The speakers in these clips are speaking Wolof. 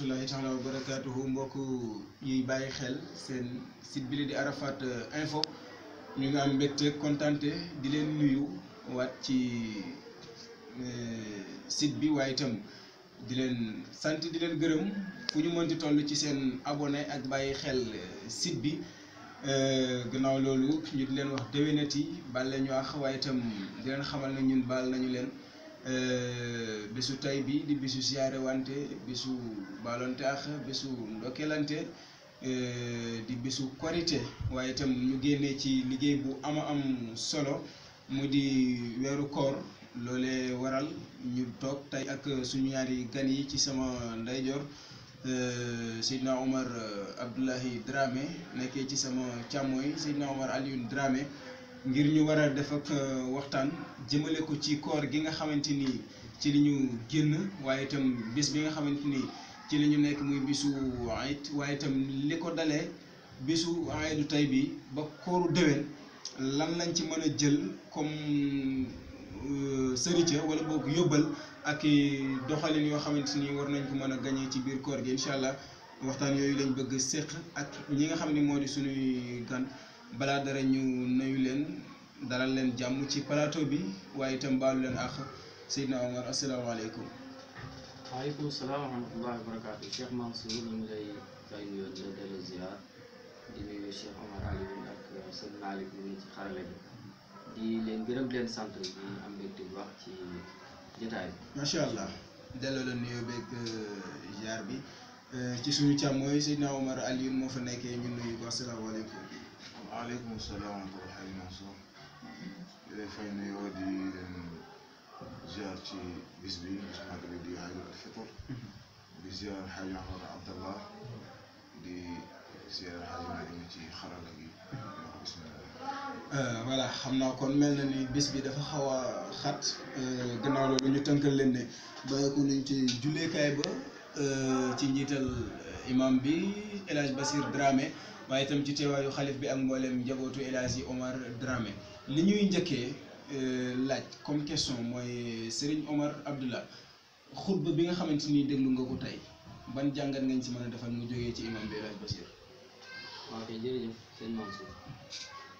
rahmatullahi taala wa barakaatuhu mbokk yi bàyyi xel seen site bi di Arafat info ñu ngi am mbégte kontante di leen nuyu waat ci eh, site bi waaye itam di leen sant di leen gërëm fu ñu mënti toll ci seen abonné ak bàyyi xel eh, site bi eh, gannaaw loolu ñu di leen wax déwénati bal la ñu wax waaye itam di leen xamal na ñun baal nañu leen Euh, bisu tay bi di bisu siyaare wante bisu balonte ak bisu ndokkelante euh, di bisu korite waaye itam ñu génnee ci liggéey bu ama am solo mu di weeru koor loole waral ñu toog tey ak suñu ñaari gan yi ci sama ndeyjoor euh, Seydina Omar Abdoulahi Dramé nekkee ci sama càmmooy Seydina Omar Alioune Dramé ngir ñu war a def ak euh, waxtaan jëmale ko ci koor gi nga xamante ni ci li ñu génn waaye itam bis bi nga xamante ni ci li ñu nekk muy bisu ayit waaye tam li ko dale bisu ayitu tey bii ba kooru déwén lan lañ ci mën a jël comme euh, sërite wala boog yóbbal ak doxalin yoo xamante ni war nañ ko mën a gañee ci biir koor gi incha allah waxtaan yooyu lañ bëgg séq ak ñi nga xam ni moo di suñuy gan. balaa dara ñu nuyu leen dalal leen jàmm ci palaato bi waaye itam baalu leen àq Seydina Omar asalaamaaleykum. waaleykum salaam wa rahmatullahi wa ngi ci xarala bi di leen gërëm di leen sant di am mbégte bu ci jotaay bi. macha allah delloo la nuyoo beeg euh, ziar bi euh, ci suñu càmmooy Seydina Omar Alioune moo fa nekkee ñu nuyu ko asalaamaaleykum. عليكم السلام ورحمة الله وبركاته. فين يودي زيارتي بزبي مش حاجة دي هاي الفطر. بزيارة حاجة عمر عبد الله. دي زيارة حاجة مدينة خرالقي. آه، voilà, je sais que le bisbe a بزبي fait et nous avons fait un peu de temps. Nous avons fait un Djoulé Kaïba, l'imam, l'Elaj Basir Dramé, waye tam ci teewaayu khalif bi ak mboolem njabootu elazi Omar Dramé li ñuy njëkkee laaj comme question moy Serigne Omar abdullah khutba bi nga xamanteni déglu nga ko tay ban jàngat ngeen ci mëna defal mu joggé ci imam bi El Hadji Basir waaw kay jërëjëf sëñ Mansour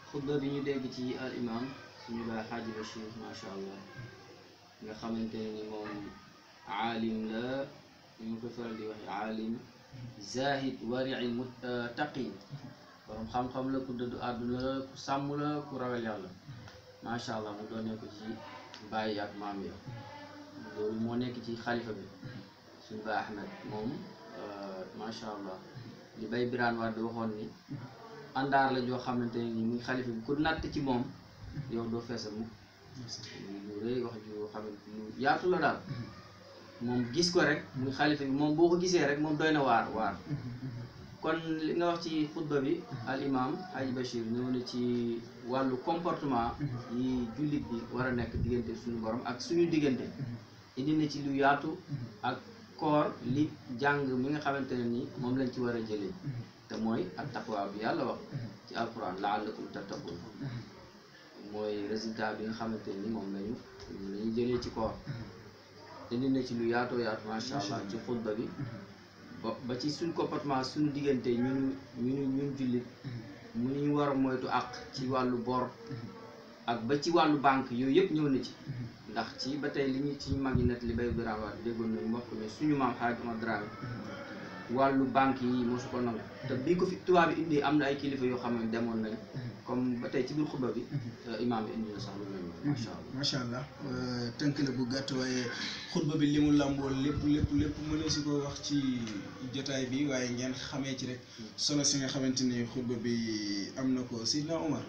khutba bi ñu dégg ci al imam suñu ba baay bashir ma sha allah nga xamanteni mom moom aalim la ñu ko faral di wax aalim zahid wari'i muttaqi borom xam-xam la ku dëddu àdduna la ku sàmm la ku ragal yàlla macha allah mu doonee ko ci bàyyi ak maam ya loolu moo nekk ci xalifa bi suñu baay Ahmed moom euh, macha allah li bay biraan war di waxoon ni àndaar la joo xamante ni muy xalifa bi ku natt ci moom yow doo feesal mukk xamante lu yaatu la daal moom gis ko rek mu xalifa bi moom boo ko gisee rek moom doy na waar waar kon li nga wax ci xutba bi al imam Haji Bachir ñëw ci wàllu comportement yi jullit bi war a nekk diggante suñu borom ak suñu diggante indi na ci lu yaatu ak koor li jàng mi nga xamante ne ni moom lañ ci war a jëlee te mooy ak taqwa bi yàlla wax ci alquran laallakum tattaqun mooy résultat bi nga xamante ne moom lañu jëlee ci koor indi na ci lu yaatoo yaatu macha allah ci xutba bi ba ci suñ comportement suñ diggante ñu ñu ñun jullit mu ñu war moytu ak ci wàllu bor ak ba ci wàllu banque yooyu yëpp ñëw na ci ndax ci ba tey li ñu ci mag ñi nett li bay bu daan déggoon nañu wax ko suñu maam xaaj ma Dramé wàllu banque yi mosu ko nangu te bii ko fi tubaab bi indi am na ay kilifa yoo xam ne demoon nañ mhm. comme ba tey ci biir xutba bi mhm. euh, imaam bi indi mhm. allah euh, tënk la bu gàtt waaye xutba bi li lépp lépp lépp si ko wax ci jotaay bi waaye ngeen xamee ci rek si nga xamante ni xutba bi am na ko Sidna Omar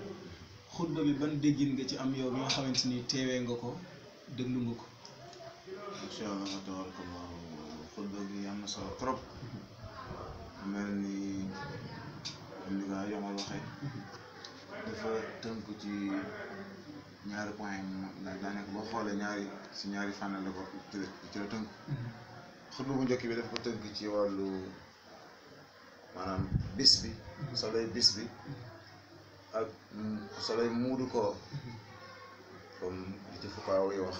xutba bi nga ci am yow bi xamante ni teewee nga ko déglu ko incha allah solo trop mel ni li nga yomal waxee dafa tënk ci ñaari point yi moom ndax daanaka xoolee ñaari si ñaari fànn la ci la tënk mm-hmm. xutba bu njëkk bi dafa ko tënk ci wàllu maanaam bis bi mm-hmm. soley bis bi mm-hmm. ak soley muudu koo comme li ci fukkaaw yi wax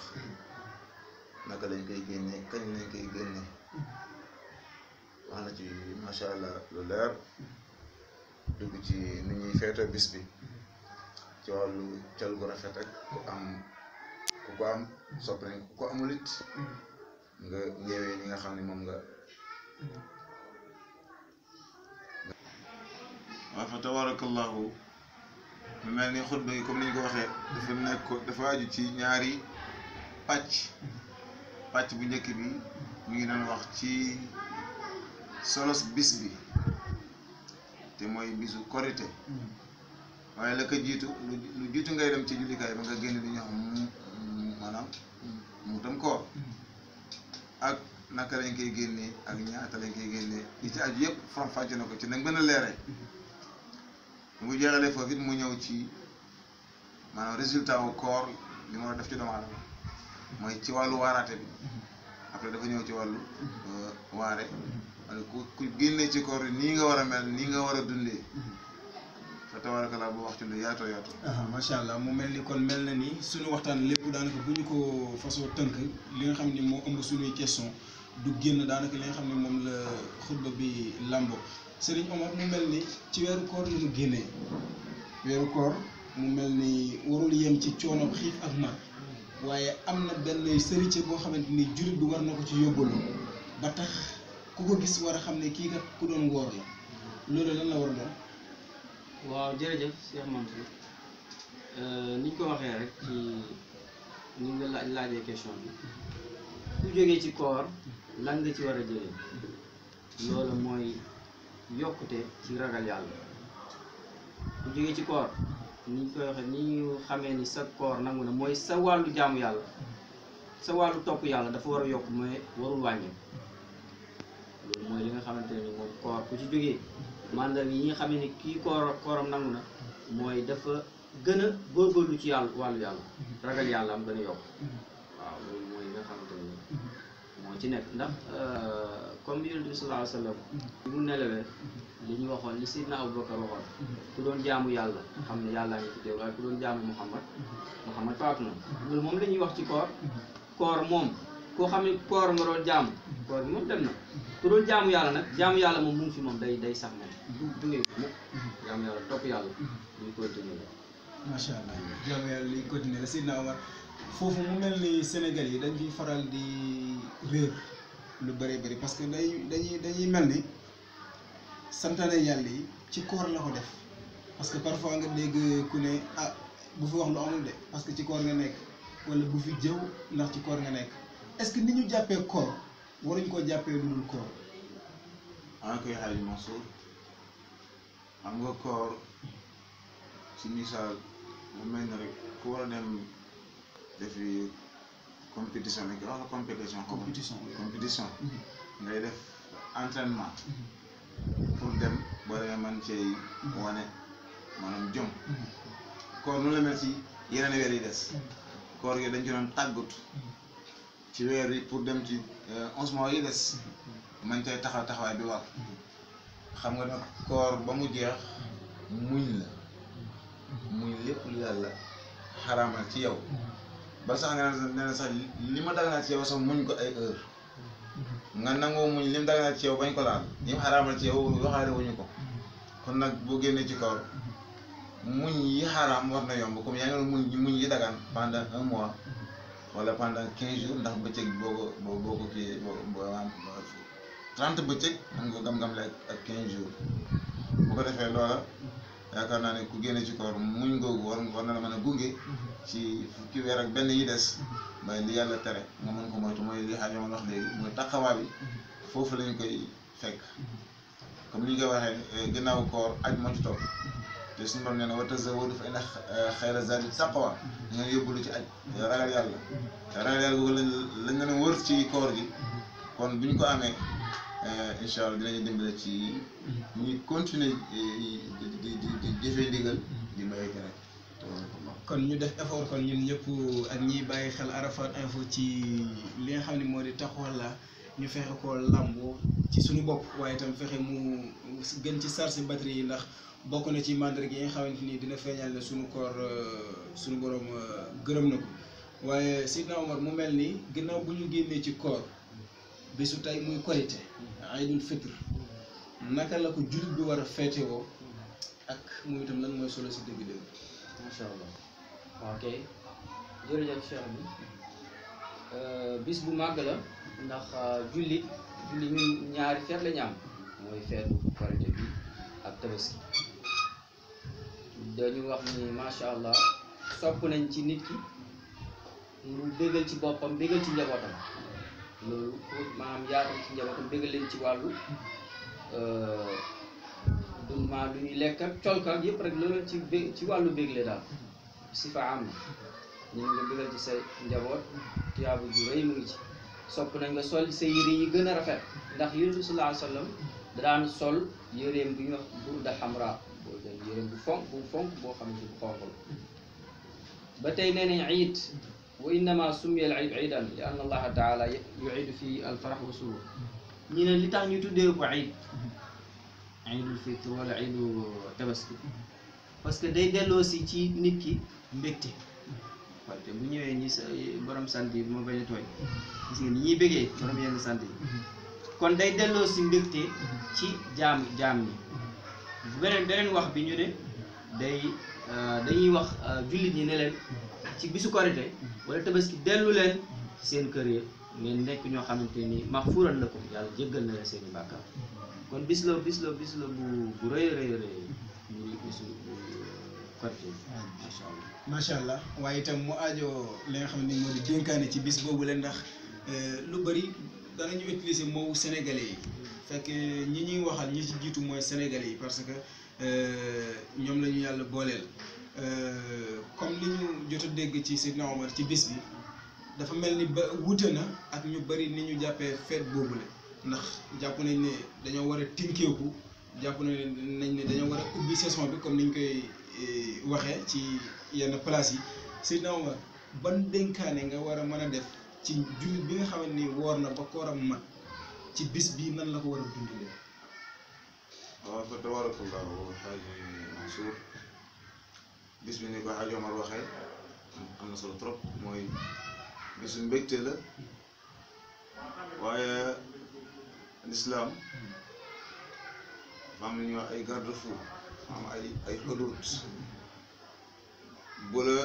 naka lañ koy génne kañ lañ koy génne wax na ci macha allah lu leer dugg ci ni ñuy feetoo bis bi ci wàllu col gu rafet ak ku am ku ko am sopp nañ ku ko amul it nga ñëwee ñi nga xam ne moom nga waaw fa tabarakallahu mu mel ni xutba yi comme ni ñu ko waxee dafa nekk dafa aju ci ñaari pàcc pàcc bu njëkk bi mu ngi doon wax ci solos bis bi te mooy bisu korite mm. waaye la ko jiitu lu jiitu ngay dem ci jullikaay ba nga génn li ñu xam maanaam mu tam koor mm. ak naka lañ koy génne ak ñaata lañ koy génnee li ci aju yëpp faram faj na ko ci nag mën a leeree mm-hmm. mu jeexalee foofu it mu ñëw ci maanaam résultat wu koor li ma def ci doomu mm-hmm. mooy ci wàllu waaraate bi mm-hmm. après dafa ñëw ci wàllu euh, waare wala ku ku ci koor nii nga war a mel ni nga war a dundee. Mhm. fa tabarakallah bu wax ci lu yaatoo yaatoo. macha allah mu mel ni kon mel na ni suñu waxtaan lépp daanaka bu ñu ko façon tënk li nga xam ni moo ëmb suñuy question du génn daanaka li nga xam ne moom la xutba bi làmbo Serigne Omar mu mel ni ci weeru koor li mu génnee weeru koor mu mel ni warul yem ci coono xiif ak mar waaye am na benn sëriñ koo xamante ni jurit bi war na ko ci yóbbaloo ba tax. ku ko gis war a xam ne kii kat ku doon woor la loolu lan la war a doon. waaw jërëjëf Cheikh Mansour euh, ni ñu ko waxee rek ci ni nga laaj laajee jógee ci koor lan nga ci war a jëlee loolu mooy yokkute ci ragal yàlla ku jógee ci koor ni ñu koy waxee ni ñu xamee ni sa koor nangu na mooy sa wàllu jaamu yàlla sa wàllu topp yàlla dafa war a yokk mooy warul wàññi. nga xamante ne moom koor ku ci jógee mandat yi nga xam ni kii koor kooram nangu na mooy dafa gën a góorgóorlu ci yàlla wàllu yàlla ragal yàlla am gën a yokk waaw loolu moo ci nekk ndax euh, comme yonent bi sallallahu alayhi wa sallam bi mu nelawee li ñu waxoon li Seydina Abubakar waxoon ku doon jaamu yàlla xam ne yàllaa ngi fi teew waaye ku doon jaamu Muhammad Muhammad faatu na loolu moom la wax ci koor koor moom koo xam ne koor nga doon jaamu koor moom dem na ku doon jaamu yàlla nag jaamu yàlla moom mu fi moom day day sax moom du duggee mukk jaamu yàlla topp yàlla mm-hmm. foofu mu mel ni Sénégal yi dañ fi faral di réer lu bëree bëri parce que day dañuy dañuy mel ni santaane yàlla yi ci koor la ko def parce que parfois nga dégg ku ne ah bu fi wax lu amul de parce que ci koor nga nekk wala bu fi jëw ndax ci koor nga nekk est-ce que ni ñu jàppee koor waruñ koo jàppee lu dul koor anga koy xam nga koor ci misaal mu mel ni rek ku war a dem defi compétition rek wax la compétition compétition compétition mhm. ngay def entraînement mhm. pour dem boo demee man cee mhm. wane maanaam jom koor nu la mel ci yeneen weer yi des koor gi dañ ci tàggut ci weer yi pour dem ci euh, onze mois yi des mm-hmm. man cay taxaw taxawaay bi war xam nga nag koor ba mu jeex muñ la mm-hmm. muñ lépp lu yàlla xaramal ci yow mm-hmm. ba sax nee na sax li ma daganal ci yow sax muñ ko ay heure nga nangoo muñ li mu daganal ci yow bañ ko laal li mu xaraamal ci yow waxaale wuñu ko kon nag boo génnee ci koor muñ yi xaraam war na yomb comme yaa ngi muñ muñ yi dagan pendant un mois wala pendant quinze jours ndax bëccëg boo ko boo boo ko boo boo trente bëccëg mën nga gam-gam la ak quinze jours bu ko defee loola yaakaar naa ne ku génne ci koor muñ googu war na la mën a gunge ci fukki weer ak benn yi des ba li yàlla tere nga mën ko moytu mooy li xaaj wax léegi mooy taxawaa bi foofu lañu koy fekk comme ni ñu koy waxee eh, gannaaw koor aj moo ci topp te suñu moom nee na wa tazawwadu fa inna xayra zaadi taqwa da ngeen yóbbu ci aj ragal yàlla te ragal yàlla googu lañ leen wër ci koor gi kon bu ñu ko amee eh, incha allah dinañu dimbale ci ñu continuer eh, di di di jëfee ndigal di maye keneen kon ñu def effort kon ñun ñëpp ak ñiy bàyyi xel Arafat info ci li nga xam ne moo di taxawal la ñu fexe ko làmboo ci suñu bopp waaye tam fexe mu gën ci charge batterie yi ndax bokk na ci mandarga yi nga xamante nii dina feeñal ne suñu koor euh, suñu borom euh, gërëm na ko waaye Seydina Omar mu mel ni ginnaaw bu ñu génnee ci koor bésu tey muy korite la ko jullit bi war a feetewoo ak muy itam lan mooy solo si dëgg-dëgg. macha allah ok bi euh, bis bu màgg la ndax jullit julli ñun ñaari feet la ñu am mooy bi ak tabaski. dañu wax ni macha allah sopp nañ ci nit ki mu bégal ci boppam bégal ci njabootam loolu maanaam yaatal ci njabootam bégal leen ci wàllu euh, dundement lu ñuy lekk ak yëpp rek loolu ci bég ci wàllu bégle daal si fa am na ñu nga bégal ci sa njaboot tiyaabu ju rëy mu sopp nañ nga sol sa yére yi gën a rafet ndax yonent bi sallallahu alayhi daan sol yéreem bu ñuy wax yére bu fonk bu fonk boo xamante bu xonq la ba tey nee nañ iid wa innama summiya al iid iidan li anna allaha taala yuidu al farax wa surur ñu ne li tax ñu tuddee ko iid iidul fitr wala iidu tabaski parce que day delloo si ci nit ki mbégte wante bu ñëwee ñi sa borom sant yi moo bañ a tooñ gis nga ni ñuy bégee borom yenn sant mm-hmm. kon day delloo si mbégte ci jaam jaam ñi beneen beneen wax bi ñu ne day euh, dañuy wax euh, jullit ñi ne leen ci bisu korité wala tabaski dellu leen seen kër yi ngeen nekk ñoo xamante ni maxfuuran la ko yàlla jéggal na leen seen i kon bis la bis la bis la bu bu rëy rëy rëy muy bisu korité macha allah macha allah waaye itam mu aajo li xam ne moo di ci bis boobu la ndax euh, lu bëri danañu utiliser moowu sénégalais yi fekk ñi ñuy waxal ñi ci jiitu mooy sénégalais yi parce que euh, ñoom la ñu yàlla booleel euh, comme li ñu jot a dégg ci Seydina Omar ci bis bi dafa mel ni ba wute na ak ñu bari ni ñu jàppee feet boobule ndax jàpp nañ ne dañoo war a tinkeeku jàpp nañ ne dañoo war a ubbi saison bi comme ni ñu koy euh, waxee ci yenn place yi Seydina Omar ban dénkaane nga war a mën a def ci jullit bi nga xamante ni woor na ba kooram mat ci bis bi nan la ko wara dundule wa fa dundalee. waaw fa tabaarakallaahu xaaji Mansour bis bi ni ko xaaji Omar waxe amna solo trop moy bisu mbégte la waye lislaam dafa am lu wax ay garde-fou am ay ay hudud bu la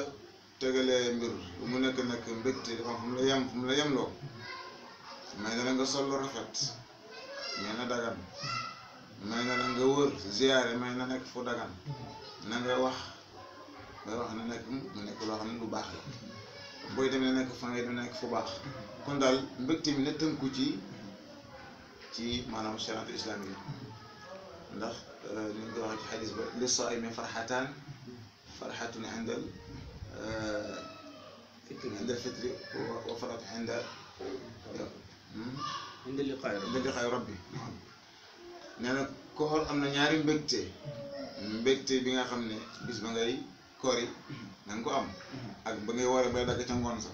tegalé mbir mu nek nekk mbégte dafa fum la yam fum la yam lo may na la nga sol lu rafet may na dagan may na la nga wër ziyaare may na nekk fu dagan na nga wax nga wax ne nekk mu nekk loo xam ne lu baax la booy demee nekk fa ngay dem nekk fu baax kon daal mbégte mi na tënku ci ci maanaam shariatu islam yi ndax ni nga ko waxee ci xadis ba li saa'imi farxataan farxatun indal indal fitri wa farxatun indal Hmm? indi liqaay na koor am na ñaari mbégte mbégte bi nga xam ne bis ba ngay koori da nga ko am ak ba ngay war a bay dagg ca ngoon sa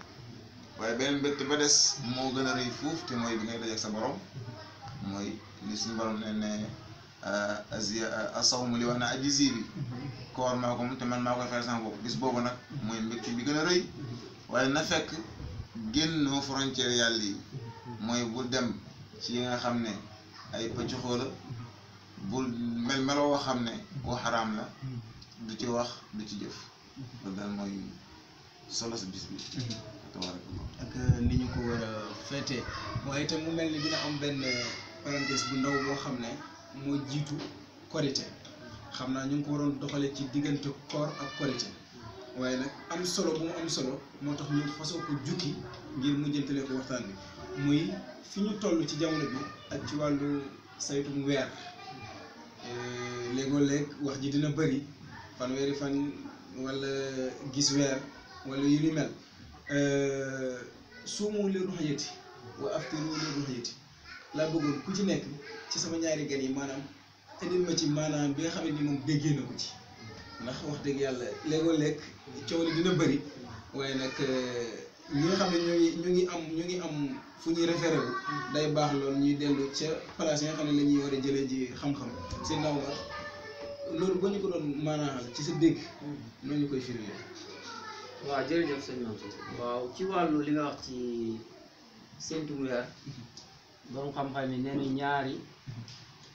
waaye benn mbégte ba des moo gën a rëy fuuf te mooy bi ngay dajeek sa borom mooy li suñu borom ne ne ah, asawmu li wax na ajisi bi koor maa ko moom te man maa koy fayal sama bis boobu nag mooy mbégte bi gën a rëy waaye na fekk génnoo frontière yàlla yi mooy bul dem ci yi nga xam ne ay pëcc xoola bul mel meloo woo xam ne woo xaraam la du ci wax du ci jëf loolu daal mooy solo si bis bi tabarakallah ak euh, ni ñu ko war a féetee waaye itam mu mel ni dina am benn euh, parenthèse bu ndaw boo xam ne moo jiitu korite xam naa ñu ngi ko waroon doxale ci diggante koor ak korite waaye nag am solo bu mu am solo moo tax ñu fasoo ko jukki ngir mujjantale ko waxtaan bi muy fi ñu toll ci jamono bi ak ci wàllu saytum weer euh, léegoo léeg wax ji dina bëri fanweeri fan walla gis weer walla yu ni mel euh, suumu leen du xajati wa aftiru leen xajati laa bëgg ku ci nekk ci sama ñaari gan yi maanaam indil ma ci maanaam bi nga xam ne ni moom déggee na ko ci ndax wax dëgg yàlla léegoo léeg coow li dina bari waaye nag euh, ñi nga xam ne ñu ngi ngi am ñu ngi am fu ñuy référé bu day baax loolu ñuy dellu ca place yi xam ne la ñuy war a jëlee ji xam-xam si ndaw ba loolu boo ñu ko doon maanaam ci sa dégg noo koy firndee. waaw jërëjëf sëñ Mansour waaw ci wàllu li nga wax ci séntu weer borom xam-xam yi nee ñaari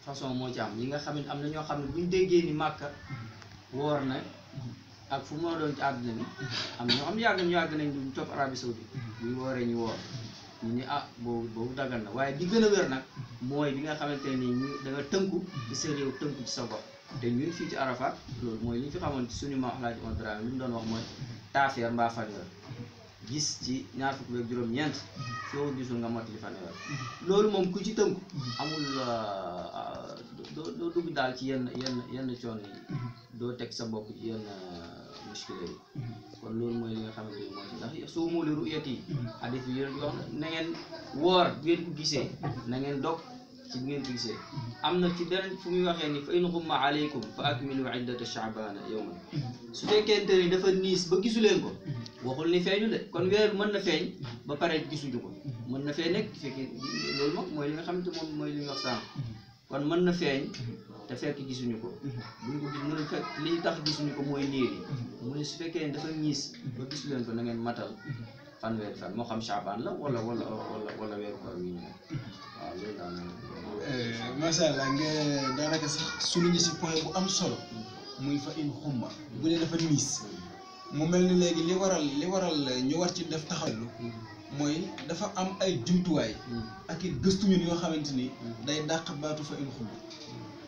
façon moo ci am ñi nga xam ne am na ñoo xam ne buñ déggee ni màkka woor na ak fu mu doon ci àdduna bi am ñoo xam yàgg ñu yàgg nañ duñ topp Arabie Saoudite mm-hmm. buñ wooree ñu woor ñu ni ah boobu boobu daggal na waaye di gën a wér nag mooy bi nga xamante ni ñu da nga tënku ci sa réew tënku ci sa bopp te ñun fii ci Arafat loolu mooy lu ñu fi xamoon ci suñu ma Alaaji Omar Dramé li ñu doon wax mooy mm-hmm. taafeer mbaa fanweer gis ci ñaar fukk beeg juróom-ñeent mm-hmm. soo gisul nga mottali fanweer mm-hmm. loolu moom ku ci tënku mm-hmm. amul euh, euh, doo doo dugg daal ci yenn yenn yenn coono yi doo teg sa bopp ci yenn euh, muskile kon loolu mooy li nga xamante ni ndax soo mu li ruyati yi hadis bi na ngeen woor bu ngeen ko gisee na ngeen dog ci bu ngeen ko gisee am na ci benn fu muy waxee ni fa in xumma aleykum fa akmilu iddata chaabana yowman su fekkente ni dafa niis ba gisuleen ko waxul ni feeñu kon weer mën na feeñ ba pare gisuñu ko mën na fee nekk fekki loolu moom mooy li nga xamante moom mooy ñu wax sànq kon mën na feeñ te fekk gisuñu ko buñ li tax gisuñu ko mooy niir yi mu ne su fekkee ni dafa niis ba gisuleen ko na ngeen matal fanweeri fan moo xam Chaabaan la wala wala wala wala weeru koor wi ñu waaw loolu daal moom. macha allah nga daanaka sax souligné si point bu am solo. muy fa in xumma. bu dee dafa niis. mu mel ni léegi li waral li waral ñu war ci def taxawlu. mooy dafa am ay jumtuwaay. ak i gëstu ñun yoo xamante ni. day dàq baatu fa in xumma.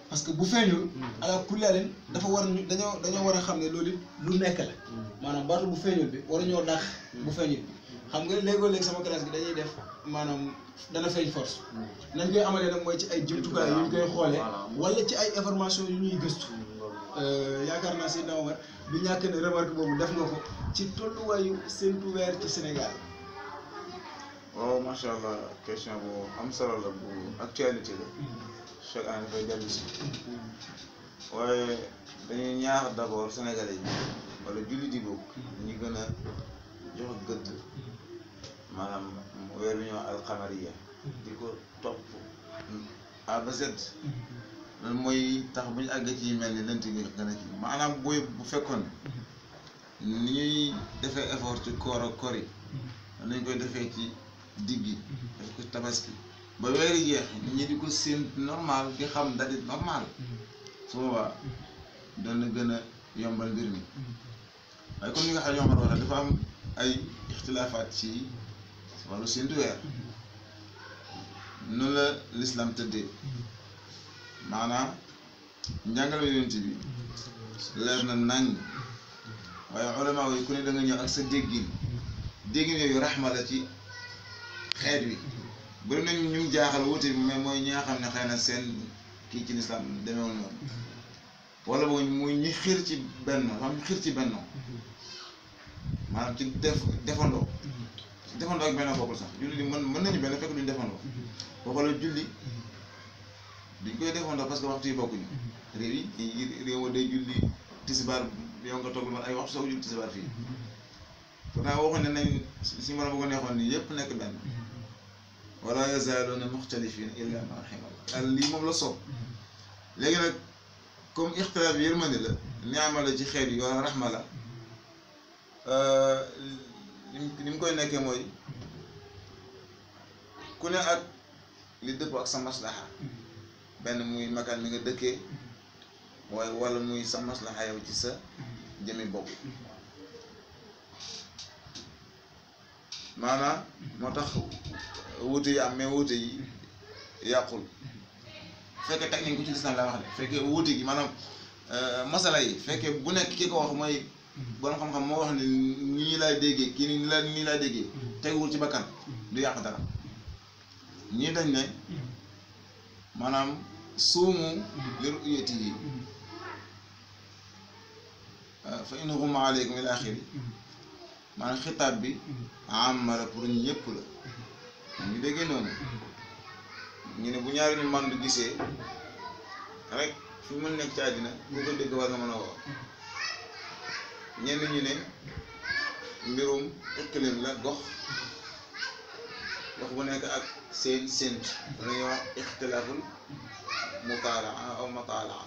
parce que bu feeñul. ala kulli leen dafa war ñu dañoo dañoo war a xam ne loolu lu nekk la. maanaam baatu bu feeñul bi war a ñoo dàq. bu feeñul bi. xam nga léegoo-léeg sama classe bi dañuy def maanaam dana feeñ force nañ koy amalee nag mooy ci ay jumtukaay yu ñu koy xoolee wala ci ay information yu ñuy gëstu euh, yaakaar naa si dama war du ñàkk ne remarque boobu def nga ko ci tolluwaayu seentu weer ci Sénégal waaw macha allah question bu am solo la bu actualité la mm-hmm. chaque année dafay dellu si waaye dañuy ñaax d' abord sénégalais yi wala jullit yi bokk mm-hmm. ñu jox gëdd mm-hmm. maanaam weer wi ñoo alxamariya mm-hmm. di ko topp a mm-hmm. loolu mooy tax bu ñu àgg ci mel ni lent gi gën a ci maanaam booy bu fekkoon mm-hmm. ni ñuy defee effort ci koor ak kori nañ koy defee ci diggi def ko tabaski ba weer yi jeex ñi di ko séen normal di xam dalit normal su boobaa dana gën a yombal mbir mi waaye comme ni nga xam yombal wax dafa am ay ixtilaafaat ci wala séntu weer noonu la lislaam tëddee maanaam njàngale yonent bi leer na nañ waaye ulama yi ku ne da ñëw ak sa déggin déggin yooyu raxma la ci xeet wi bari nañ ñu jaaxal wuute bi mais mooy ñi nga seen kii ci lislaam demeewul ñu xiir ci benn maanaam ci def defandoo defandoo ak benn bokkul sax julli li mën mën nañu benn fekk duñu defandoo mhm. waxala julli mhm. duñ koy defandoo parce que waxtu yi bokkuñu mhm. réew yi réew day julli tisbaar yow nga toog lu man ay waxtu soo julli tisbaar fii pourtant waxoon ne nañ si mën a bëgg a neexoon ni yëpp nekk benn wala yazaaluuna muxtalifiina illaa maa rahima Allah lii moom la soob léegi nag comme ixtilaaf yërmande la neama la ci xeet yi wala raxma la euh, ni mu koy nekkee mooy ku ne ak li dëppoo ak sa maslaxa benn muy makaan mi nga dëkkee waaye wala muy sa maslaxa yow ci sa jëmi bopp maanaam moo tax wuute yi am mais wuute yi yàqul fekkee technique bu ci lislaam la wax de fekkee wuute gi maanaam euh, masala yi fekkee bu nekk ki ko wax mooy borom mm-hmm. xam-xam moo wax ne nii laa déggee kii ni la nii laa déggee teguwul ci bakkan du yàq dara ñii dañ ne maanaam suumu li ru'yatihi mm-hmm. uh, fa in ghumma alaykum ila akhir maanaam mm-hmm. xitaab bi amma la pour ñu ñëpp la ñu déggee noonu ñu ne bu ñaari ñu mën du gisee rek fu mu nekk ci àddina bu ko dégg war nga mën a woo ñenn ñu ne mbirum iqlim la gox gox bu nekk ak seen sént la ñuy wax ixtilaaful mutaalaa aw mataalaa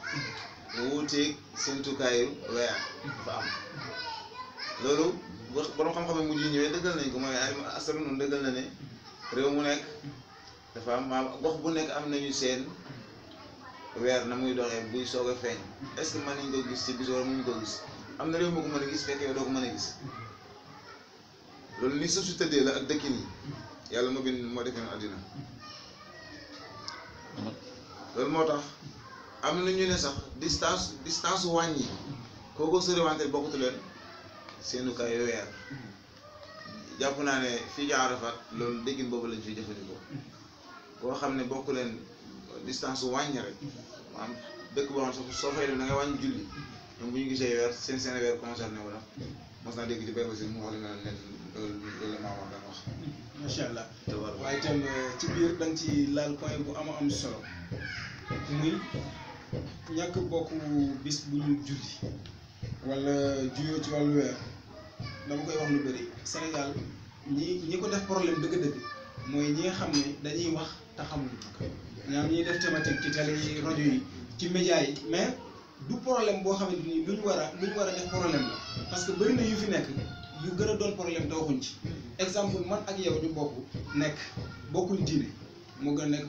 mu wuuteeg séntukaayu weer dafa am loolu borom xam-xam mu mujj ñëwee dëggal nañ ko mooy ay asar noonu dëggal na ne réew mu nekk dafa am maam gox bu nekk am nañu seen weer na muy doxee buy soog a feeñ est ce que nañ ko gis ci bis mu mënuñ ko gis am na réew moo ko mën a gis fekk yow doo ko mën a gis loolu li suuf si tëddee la ak dëkkin yi yàlla moo bind moo defee noonu àddina loolu moo tax am na ñu ne sax distance distance wàññi kooku soriwante bokkutu leen seenukaay yooyu weer jàpp naa ne fii ca loolu déggin boobu lañ fi jëfandikoo koo xam ne bokk leen distance wàññi rek maanaam dëkk boo xam ne soo fay dem da wàññi julli ñoom ñu gisee weer seen seen weer concerné wu si mu wax li nga leen loolu loolu la macha allah waaye itam eh, ci biir da nga ci laal point bu am am solo muy ñàkk bokk bis bu ñu julli wala juyoo ci wàllu weer dama koy wax lu bëri Sénégal ñi ñi ko def problème dëgg-dëgg mooy ñi nga xam ne dañuy wax taxamul xamuñu ko ñaam ñuy def thématique ci télé yi rajo yi ci média yi mais. du problème boo xamante ni lu ñu war a lu ñu war a def la parce que bëri na yu fi nekk yu gën a doon problème te waxuñ ci exemple man ak yow ñu bokk nekk bokkuñ diine moo gën a nekk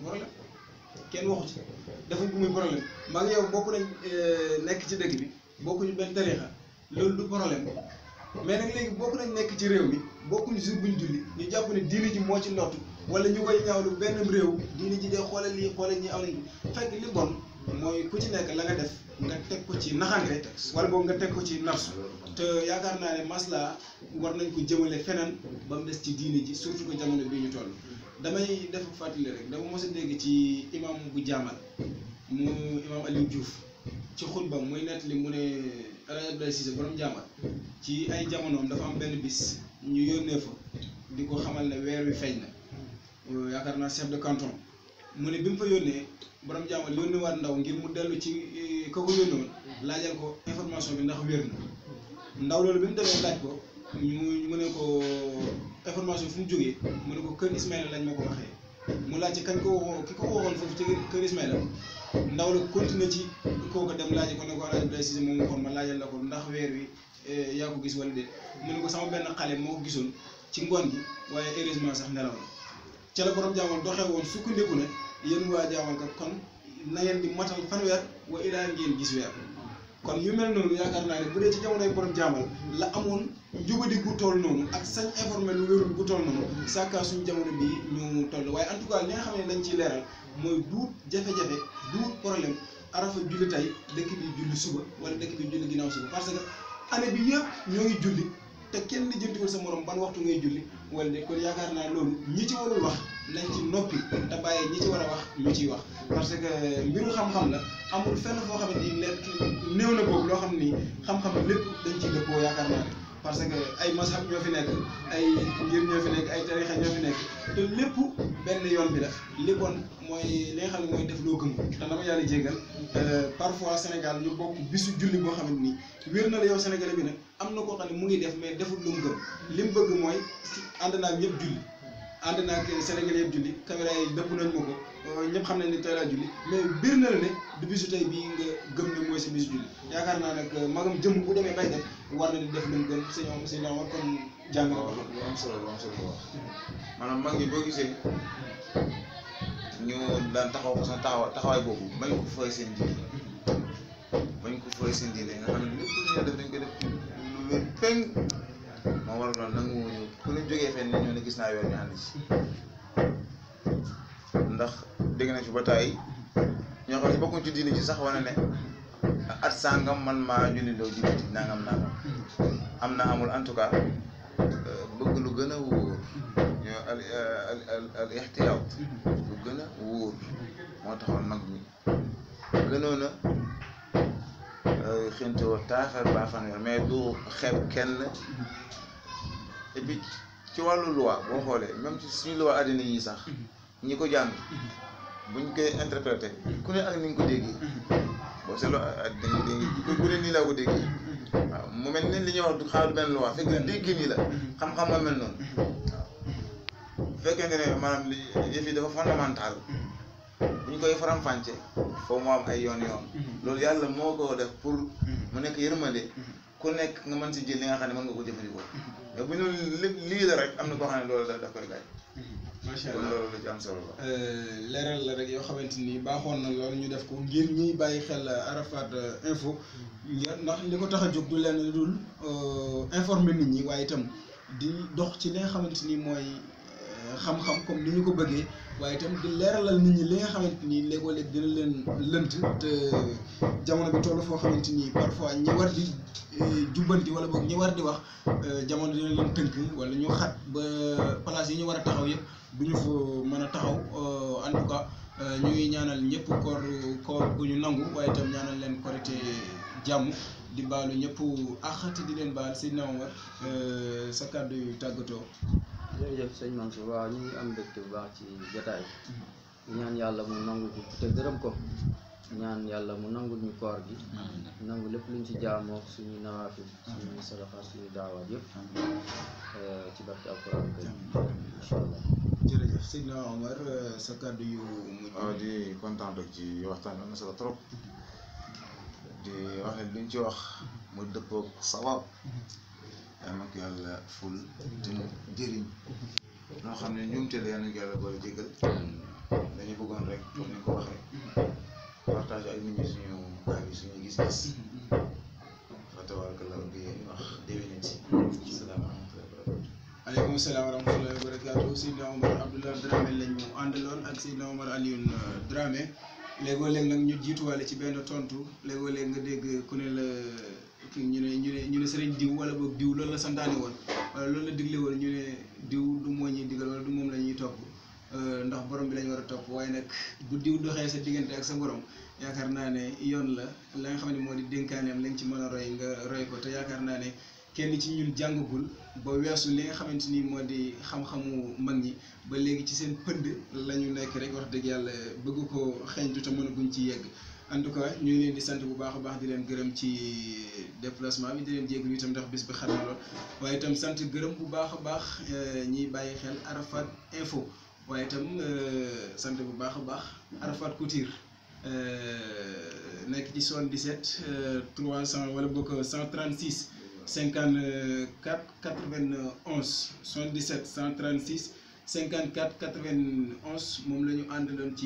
kenn waxu ci dafa bu muy problème maa yow bokk nañ euh, nekk ci dëkk bi bokkuñu benn tariixa loolu du problème mais nag léegi bokk nañ nekk ci réew mi bokkuñu si buñ julli ñu jàpp ne diine ji moo ci nott wala ñu koy ñaawlu benn réew diine ji dee xoolal lii xoolal ñi aw nañ fekk li bon mooy ku ci nekk la nga def nga teg ko ci naxante wala boobu nga teg ko ci nafsu te yaakaar naa ne masla war nañ ko jëmale feneen ba mu des ci diine ji surtout que jamono bi ñu toll damay def fàttali rek dama mos a dégg ci imam bu jaamal mu imam Aliou Diouf ci xutba muy nettali mu ne El Hadj Abdoulaye Cissé boroom jaamal ci ay jamonoom dafa am benn bis ñu yónnee fa di ko xamal ne weer wi feeñ na yaakaar naa chef de canton mu ne bi mu fa yónnee borom jaamal yónni waat ndaw ngir mu dellu ci eh, ka ko yónni woon laajal ko information bi ndax wér na ndaw loolu bi mu demee laaj ko ñu mu ne ko information fu mu jógee mu ne ko kër Ismaïla lañ ma ko mu laaj ci ko ki ko waxoon foofu ci kër Ismaïla ndaw la continuer ci kooku dem laaj ko ne ko rajo Blay Cissé moom waxoon ma laajal la ko ndax weer wi eh, yaa ko gis wala déet mu ne ko sama benn xale moo gisoon ci ngoon gi waaye heureusement sax nelaw la ca la borom jaamal doxee woon sukkandiku ne yéen waa jaamal ka kon na ngeen di matal fanweer wa ilaa ngeen gis weer kon yu mel noonu yaakaar naa ne bu dee ci jamonoy borom jaamal la amoon njubadi gu tool noonu ak sañ informé lu wérul gu tool noonu sàkkaa suñu jamono bi ñu toll waaye en tout cas li nga xam ne dañ ciy leeral mooy duut jafe-jafe duut problème arafa julli tey dëkk bi julli suba wala dëkk bi julli ginnaaw suba parce que année bi yëpp ñoo ngi julli te kenn di jëntiwul sa morom ban waxtu ngay julli wala de kon yaakaar naa loolu ñi ci wax nañ ci noppi te bàyyi ñi ci war a wax ñu ciy wax parce que mbiru xam-xam la amul fenn foo xam ne nii néew na boobu loo xam ni xam-xam lépp dañ ciy dëppoo yaakaar naa ne parce que ay mashab ñoo fi nekk ay ngir ñoo fi nekk ay tarixa ñoo fi nekk te lépp benn yoon bi la li bon mooy li nga xam ne mooy def loo gëm te dama yàlla jéggal euh, parfois Sénégal ñu bokk bisu julli boo xamante ni wér na la yow Sénégalais bi nag am na koo xam ne mu ngi def mais deful lu mu gëm li mu bëgg mooy ànd naa ñëpp julli ànd naag Sénégal yëpp julli caméra yi dëpp nañ ma ko euh, ñëpp xam nañ ne tey laa julli mais biir na la ne du bisu tey bii nga gëm ne mooy si bisu julli yaakaar naa nag euh, magam jëm bu demee bay def war na di def lu mu gën sëñ am sëñ am kon jàng na wax lu am solo lu am solo mag yi boo gisee ñu daan taxaw ko sax taxawa taxawaay boobu bañ ko fooy seen diine bañ ko fooy seen diine nga xam ne lépp lu ñu def dañ ko def lu wér moo waral loolu nag mu ku ñu jógee fenn ñoo ne gis naa yoon ñu ànd ci ndax dégg na ci ba tàyyi ñoo xam ne bokkuñ ci diini ci sax wane ne at sàngam man maa julli loo julliti nangam nangam am na amul en tout cas euh, bëgg lu gën a wóor ñoo al al al ixtiyaat lu gën a wóor moo taxoon mag ñi gënoon xintewoo taaxal baa xam ne mais du xeeb kenn et puis ci wàllu loi boo xoolee même ci suñu loi àddina yi sax ñi ko jàng buñ koy interprété ku ne ak ni nga ko déggee boo seetloo àddina yi ku ko déggee waaw mu mel ni li ñu wax du xaar benn loi fekk na dégg nii la xam-xam ma mel noonu waaw fekkente ne maanaam li yëf dafa fondamental bu ñu koy faram-fàcce foo mu am ay yoon yoon mhm. loolu yàlla moo ko def pour mhm. mu nekk yërmande mhm. ku nekk nga mën si jël li nga xam ne mën nga ko jëfandikoo mais bu ñu lii la rek am na koo xam ne loolu la daf koy gaañ macha allah loolu la ci am solo la euh, leeral la rek yoo xamante ni baaxoon na loolu ñu def ko ngir ñuy bàyyi xel Arafat euh, info ndax li ko tax a jóg du leen dul euh, informer nit ñi waaye itam di dox ci li xamante ni mooy xam-xam comme ni ñu ko bëggee waaye itam di leeralal nit ñi li nga xamante ni léegoo dina leen lënt te jamono bi toll foo xamante ni parfois ñi war di eh, jubbanti wala boog ñi war di wax eh, jamono dina leen tënk wala ñu xat ba place yi ñu war a taxaw yëpp du ñu fa mën a taxaw eh, en tout cas ñuy ñaanal ñëpp koor koor bu ñu nangu waaye ñaanal leen korite jàmm di baalo ñëpp àq te di leen baal si Seydina Omar sa kàddu yu tàggatoo. jërëjëf sëñ Mansour waaw ñu am mbégte bu baax ci jotaay ñaan yàlla mu nangu ko te gërëm ko ñaan yàlla mu nangu ñu koor gi nangu lépp luñ ci jaamoo suñu nawaafi suñu sadaqa suñu daawaat yëpp ci barke alquran kay incha allah jërëjëf sëñ Omar sa kàddu yu mujj waaw di kontaan rek ci waxtaan am na solo trop di wax ne luñ ci wax mu dëppoog sabab yaa nag yàlla ful te jëriñ noo xam ne njuumte la yaa nag yàlla boole jégal dañu bëggoon rek comme ni ko waxee partage ak nit ñi suñu baal yi suñu gis-gis fa tabaarkalla di wax déwénati salaamaaleykum aleykum salaam wa a wa barakaatu Seydina Omar Abdoulaye Dramé lañ ñu àndaloon ak Seydina Omar Alioune euh, Dramé léegoo léeg nag ñu jiituwaale ci benn tontu léegoo léeg nga dégg ku ne la ñu ne ñu ne ñu ne sëriñ diw wala boog diw loolu la santaane woon wala loolu la digle woon ñu ne diw du moo ñuy digal wala du moom la ñuy topp euh, ndax borom bi lañ war a topp waaye nag bu diw doxee sa diggante ak sa borom yaakaar naa ne yoon la la nga xam ne moo di dénkaaneem lañ ci mën a roy nga roy ko te yaakaar naa ne kenn ci ñun jàngagul ba weesu li nga xamante ni moo di xam-xamu mag ñi ba léegi ci seen pënd la ñu nekk rek wax dëgg yàlla bëgg ko xeeñtu te mënaguñ ci yegg en tout cas ñu ngi di sant bu baax baax di leen gërëm ci déplacement bi di leen jéggu itam ndax bis bi xarna lool waaye itam sant gërëm bu baax baax eh, ñi bàyyi xel Arafat info waaye itam eh, sant bu baax baax Arafat Couture eh, nekk ci 77 300 wala bokk 136 54 91 77 136 54 91 moom la ñu àndaloon ci.